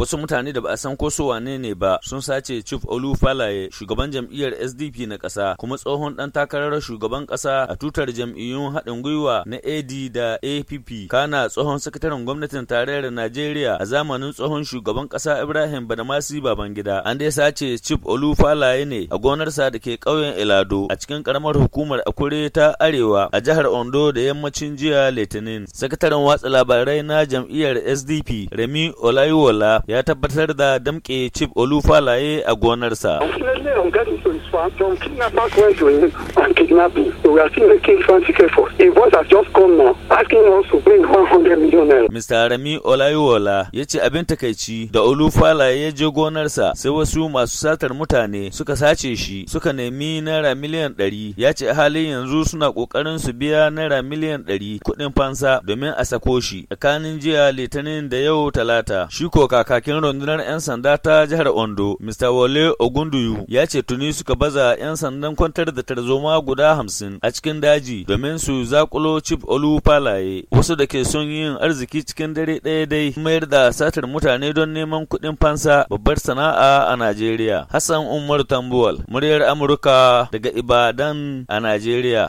wasu mutane da ba a san ko su wane ne ba sun sace chief olufalaye. shugaban jam'iyyar sdp na kasa. kuma tsohon ɗan takarar shugaban kasa a tutar jam'iyyun haɗin gwiwa na ad da app kana tsohon sakataren gwamnatin tarayyar najeriya a zamanin tsohon shugaban kasa ibrahim badamasi babangida an dai sace chief olu ne a gonarsa da ke ƙauyen ilado a cikin karamar hukumar akure ta arewa a jihar ondo da yammacin jiya litinin sakataren watsa labarai na jam'iyyar sdp remi olayiwola ya tabbatar da damƙe Chief Olufalaye a gonarsa. Kidnapping. We are still making frantic efforts. A voice has just come now asking us to bring 100 Mr. Rami Olayiwola ya ce abin takaici da Olufala ya je gonarsa sai wasu masu satar mutane suka sace shi suka nemi naira miliyan ɗari ya ce halin yanzu suna ƙoƙarin su biya naira miliyan ɗari kuɗin fansa domin a sako shi tsakanin jiya litinin da yau talata shi ko kakakin rundunar 'yan sanda ta jihar Ondo Mr. Wole Ogunduyu ya ce tuni suka baza 'yan sandan kwantar da tarzoma guda hamsin a cikin daji domin su zakulo Chief Olufalaye wasu da ke son yin arziki ciki cikin dare ɗaya dai mayar da satar mutane don neman kuɗin fansa babbar sana'a a Najeriya. Hassan Umar Tambuwal, muryar Amurka daga Ibadan a Najeriya.